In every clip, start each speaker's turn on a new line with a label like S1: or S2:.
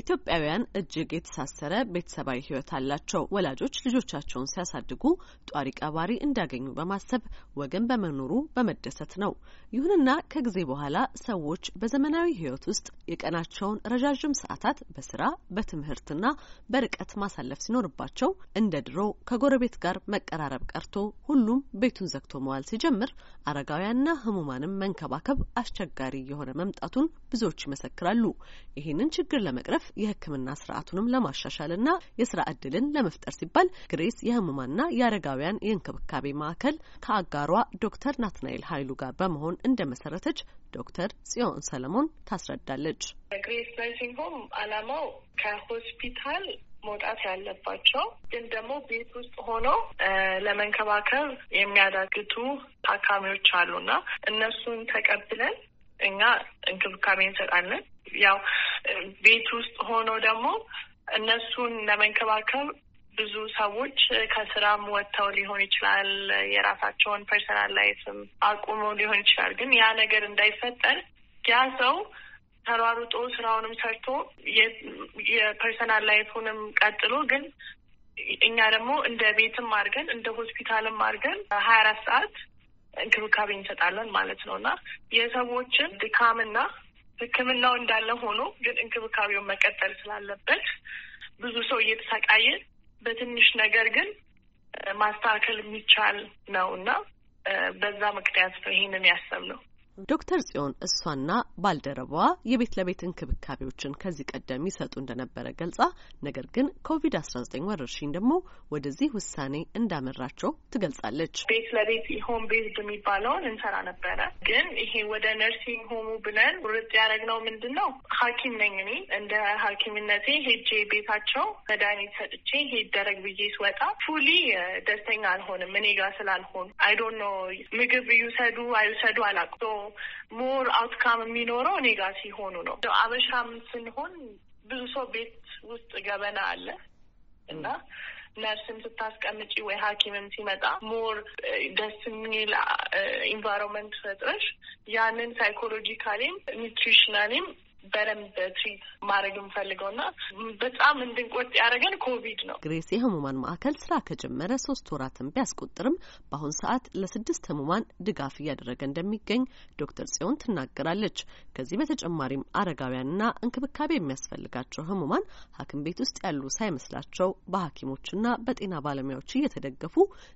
S1: ኢትዮጵያውያን እጅግ የተሳሰረ ቤተሰባዊ ሕይወት አላቸው። ወላጆች ልጆቻቸውን ሲያሳድጉ ጧሪ ቀባሪ እንዳገኙ በማሰብ ወገን በመኖሩ በመደሰት ነው። ይሁንና ከጊዜ በኋላ ሰዎች በዘመናዊ ሕይወት ውስጥ የቀናቸውን ረዣዥም ሰዓታት በስራ በትምህርትና በርቀት ማሳለፍ ሲኖርባቸው እንደ ድሮ ከጎረቤት ጋር መቀራረብ ቀርቶ ሁሉም ቤቱን ዘግቶ መዋል ሲጀምር አረጋውያንና ህሙማንም መንከባከብ አስቸጋሪ የሆነ መምጣቱን ብዙዎች ይመሰክራሉ። ይህንን ችግር ለመቅረፍ ድጋፍ የሕክምና ስርዓቱንም ለማሻሻልና የስራ እድልን ለመፍጠር ሲባል ግሬስ የህሙማንና የአረጋውያን የእንክብካቤ ማዕከል ከአጋሯ ዶክተር ናትናኤል ኃይሉ ጋር በመሆን እንደመሰረተች ዶክተር ጽዮን ሰለሞን ታስረዳለች።
S2: ግሬስ ናርሲንግ ሆም አላማው ከሆስፒታል መውጣት ያለባቸው ግን ደግሞ ቤት ውስጥ ሆነው ለመንከባከብ የሚያዳግቱ ታካሚዎች አሉና እነሱን ተቀብለን እኛ እንክብካቤ እንሰጣለን። ያው ቤት ውስጥ ሆኖ ደግሞ እነሱን ለመንከባከብ ብዙ ሰዎች ከስራም ወጥተው ሊሆን ይችላል። የራሳቸውን ፐርሰናል ላይፍም አቁመው ሊሆን ይችላል። ግን ያ ነገር እንዳይፈጠር ያ ሰው ተሯሩጦ ስራውንም ሰርቶ የፐርሰናል ላይፉንም ቀጥሎ ግን እኛ ደግሞ እንደ ቤትም አድርገን እንደ ሆስፒታልም አድርገን ሀያ አራት ሰዓት እንክብካቤ እንሰጣለን ማለት ነው እና የሰዎችን ድካምና ሕክምናው እንዳለ ሆኖ ግን እንክብካቤውን መቀጠል ስላለበት ብዙ ሰው እየተሰቃየ በትንሽ ነገር ግን ማስተካከል የሚቻል ነው እና በዛ ምክንያት ነው ይሄንን ያሰብነው።
S1: ዶክተር ጽዮን እሷና ባልደረባዋ የቤት ለቤት እንክብካቤዎችን ከዚህ ቀደም ይሰጡ እንደነበረ ገልጻ፣ ነገር ግን ኮቪድ አስራ ዘጠኝ ወረርሽኝ ደግሞ ወደዚህ ውሳኔ እንዳመራቸው ትገልጻለች። ቤት
S2: ለቤት ሆም
S1: ቤዝድ የሚባለውን እንሰራ ነበረ።
S2: ግን ይሄ ወደ ነርሲንግ ሆሙ ብለን ርጥ ያደረግነው ምንድን ነው? ሐኪም ነኝ እኔ እንደ ሐኪምነቴ ሄጄ ቤታቸው መድኃኒት ሰጥቼ ይሄ ይደረግ ብዬ ስወጣ ፉሊ ደስተኛ አልሆንም እኔ ጋር ስላልሆኑ አይዶን ነው ምግብ ይውሰዱ አይውሰዱ አላውቅም ሞር አውትካም የሚኖረው እኔ ጋር ሲሆኑ ነው። አበሻም ስንሆን ብዙ ሰው ቤት ውስጥ ገበና አለ እና ነርስም ስታስቀምጪ ወይ ሐኪምም ሲመጣ ሞር ደስ የሚል ኢንቫይሮንመንት uh, ፈጥረሽ ያንን ሳይኮሎጂካሊም ኒትሪሽናሊም በደንብ ትሪት ማድረግ የምፈልገው ና በጣም እንድንቆጥ ያደረገን ኮቪድ ነው።
S1: ግሬስ የህሙማን ማዕከል ስራ ከጀመረ ሶስት ወራትን ቢያስቆጥርም በአሁን ሰዓት ለስድስት ህሙማን ድጋፍ እያደረገ እንደሚገኝ ዶክተር ጽዮን ትናገራለች። ከዚህ በተጨማሪም ና እንክብካቤ የሚያስፈልጋቸው ህሙማን ሐኪም ቤት ውስጥ ያሉ ሳይመስላቸው ና በጤና ባለሙያዎች እየተደገፉ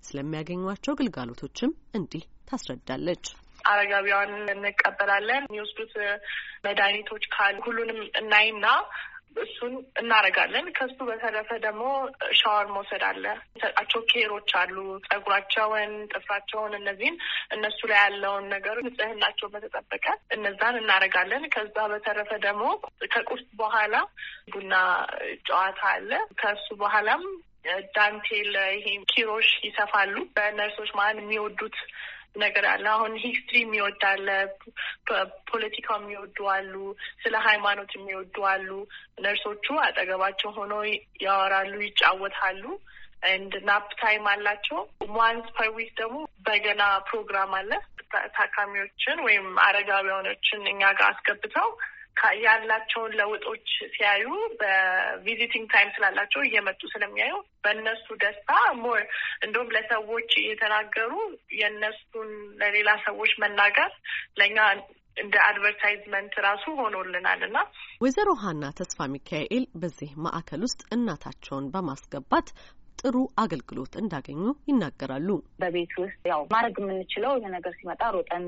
S1: ስለሚያገኟቸው ግልጋሎቶችም እንዲህ ታስረዳለች።
S2: አረጋቢያን እንቀበላለን። የሚወስዱት መድኃኒቶች ካሉ ሁሉንም እናይና እሱን እናደርጋለን። ከሱ በተረፈ ደግሞ ሻወር መውሰድ አለ። የሚሰጣቸው ኬሮች አሉ። ጸጉራቸውን፣ ጥፍራቸውን፣ እነዚህን እነሱ ላይ ያለውን ነገር ንጽህናቸው በተጠበቀ እነዛን እናደርጋለን። ከዛ በተረፈ ደግሞ ከቁርስ በኋላ ቡና ጨዋታ አለ። ከሱ በኋላም ዳንቴል፣ ይሄ ኪሮሽ ይሰፋሉ። በነርሶች መሀል የሚወዱት ነገር አለ። አሁን ሂስትሪ የሚወድ አለ፣ ፖለቲካ የሚወዱ አሉ፣ ስለ ሃይማኖት የሚወዱ አሉ። ነርሶቹ አጠገባቸው ሆኖ ያወራሉ፣ ይጫወታሉ። እንድ ናፕ ታይም አላቸው። ዋንስ ፐር ዊክ ደግሞ በገና ፕሮግራም አለ። ታካሚዎችን ወይም አረጋቢያኖችን እኛ ጋር አስገብተው ያላቸውን ለውጦች ሲያዩ በቪዚቲንግ ታይም ስላላቸው እየመጡ ስለሚያዩ በእነሱ ደስታ ሞር እንዲሁም ለሰዎች እየተናገሩ የእነሱን ለሌላ ሰዎች መናገር ለእኛ እንደ አድቨርታይዝመንት ራሱ ሆኖልናል እና
S1: ወይዘሮ ሀና ተስፋ ሚካኤል በዚህ ማዕከል ውስጥ እናታቸውን በማስገባት ጥሩ አገልግሎት እንዳገኙ ይናገራሉ።
S3: በቤት ውስጥ ያው ማድረግ የምንችለው ይህ ነገር ሲመጣ ሮጠን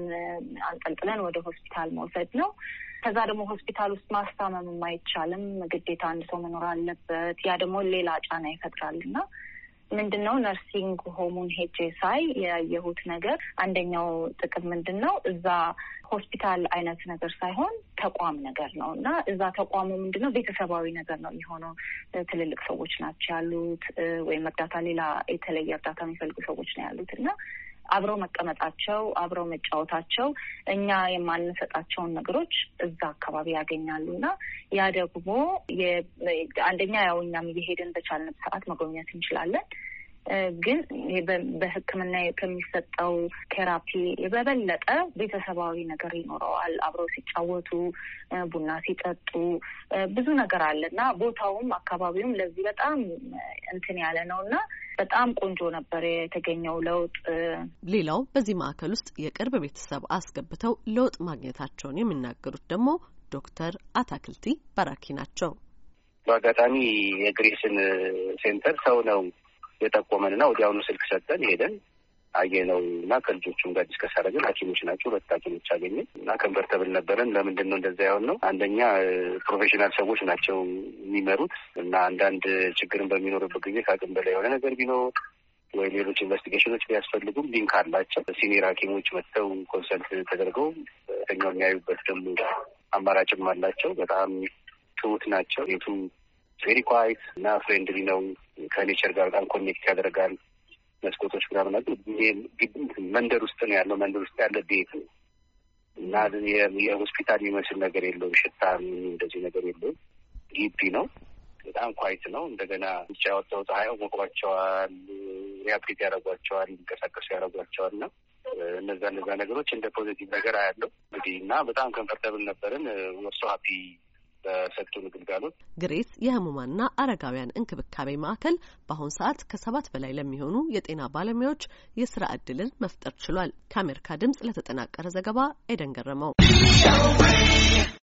S3: አንጠልጥለን ወደ ሆስፒታል መውሰድ ነው። ከዛ ደግሞ ሆስፒታል ውስጥ ማስታመም አይቻልም። ግዴታ አንድ ሰው መኖር አለበት። ያ ደግሞ ሌላ ጫና ይፈጥራል እና ምንድን ነው ነርሲንግ ሆሙን ሄጄ ሳይ ያየሁት ነገር አንደኛው ጥቅም ምንድን ነው እዛ ሆስፒታል አይነት ነገር ሳይሆን ተቋም ነገር ነው እና እዛ ተቋሙ ምንድነው ቤተሰባዊ ነገር ነው የሚሆነው። ትልልቅ ሰዎች ናቸው ያሉት፣ ወይም እርዳታ ሌላ የተለየ እርዳታ የሚፈልጉ ሰዎች ነው ያሉት እና አብረው መቀመጣቸው አብረው መጫወታቸው እኛ የማንሰጣቸውን ነገሮች እዛ አካባቢ ያገኛሉ እና ያ ደግሞ አንደኛ ያው እኛም እየሄድን በቻልን ሰዓት መጎብኘት እንችላለን። ግን በሕክምና ከሚሰጠው ቴራፒ በበለጠ ቤተሰባዊ ነገር ይኖረዋል። አብረው ሲጫወቱ፣ ቡና ሲጠጡ ብዙ ነገር አለ እና ቦታውም አካባቢውም ለዚህ በጣም እንትን ያለ ነው እና በጣም ቆንጆ ነበር የተገኘው ለውጥ።
S1: ሌላው በዚህ ማዕከል ውስጥ የቅርብ ቤተሰብ አስገብተው ለውጥ ማግኘታቸውን የሚናገሩት ደግሞ ዶክተር አታክልቲ ባራኪ ናቸው።
S4: በአጋጣሚ የግሬስን ሴንተር ሰው ነው የጠቆመንና ወዲያውኑ ስልክ ሰጠን ሄደን አየነው እና ከልጆቹም ጋር ዲስከስ አደረግን። ሐኪሞች ናቸው ሁለት ሐኪሞች አገኘ እና ከንበርተብል ነበረን። ለምንድን ነው እንደዛ ያሆን ነው? አንደኛ ፕሮፌሽናል ሰዎች ናቸው የሚመሩት እና አንዳንድ ችግርን በሚኖርበት ጊዜ ከአቅም በላይ የሆነ ነገር ቢኖር ወይ ሌሎች ኢንቨስቲጌሽኖች ቢያስፈልጉም ሊንክ አላቸው። ሲኒየር ሐኪሞች መጥተው ኮንሰልት ተደርገው ተኛው የሚያዩበት ደግሞ አማራጭም አላቸው። በጣም ትሁት ናቸው። የቱ ቬሪ ኳይት እና ፍሬንድሊ ነው። ከኔቸር ጋር በጣም ኮኔክት ያደርጋል። መስኮቶች ምናምን መንደር ውስጥ ነው ያለው። መንደር ውስጥ ያለ ቤት ነው እና የሆስፒታል የሚመስል ነገር የለውም። ሽታ እንደዚህ ነገር የለውም። ግቢ ነው። በጣም ኳይት ነው። እንደገና ውጭ ያወጣው ፀሐይ ሞቋቸዋል፣ ሪያፕሊት ያደረጓቸዋል፣ እንዲንቀሳቀሱ ያደረጓቸዋል እና እነዛ እነዛ ነገሮች እንደ ፖዘቲቭ ነገር አያለው እንግዲህ እና በጣም ኮንፈርተብል ነበርን ወርሶ ሀፒ በሰጡን ግልጋሎት
S1: ግሬስ የህሙማንና አረጋውያን እንክብካቤ ማዕከል በአሁን ሰዓት ከሰባት በላይ ለሚሆኑ የጤና ባለሙያዎች የስራ እድልን መፍጠር ችሏል። ከአሜሪካ ድምጽ ለተጠናቀረ ዘገባ ኤደን ገረመው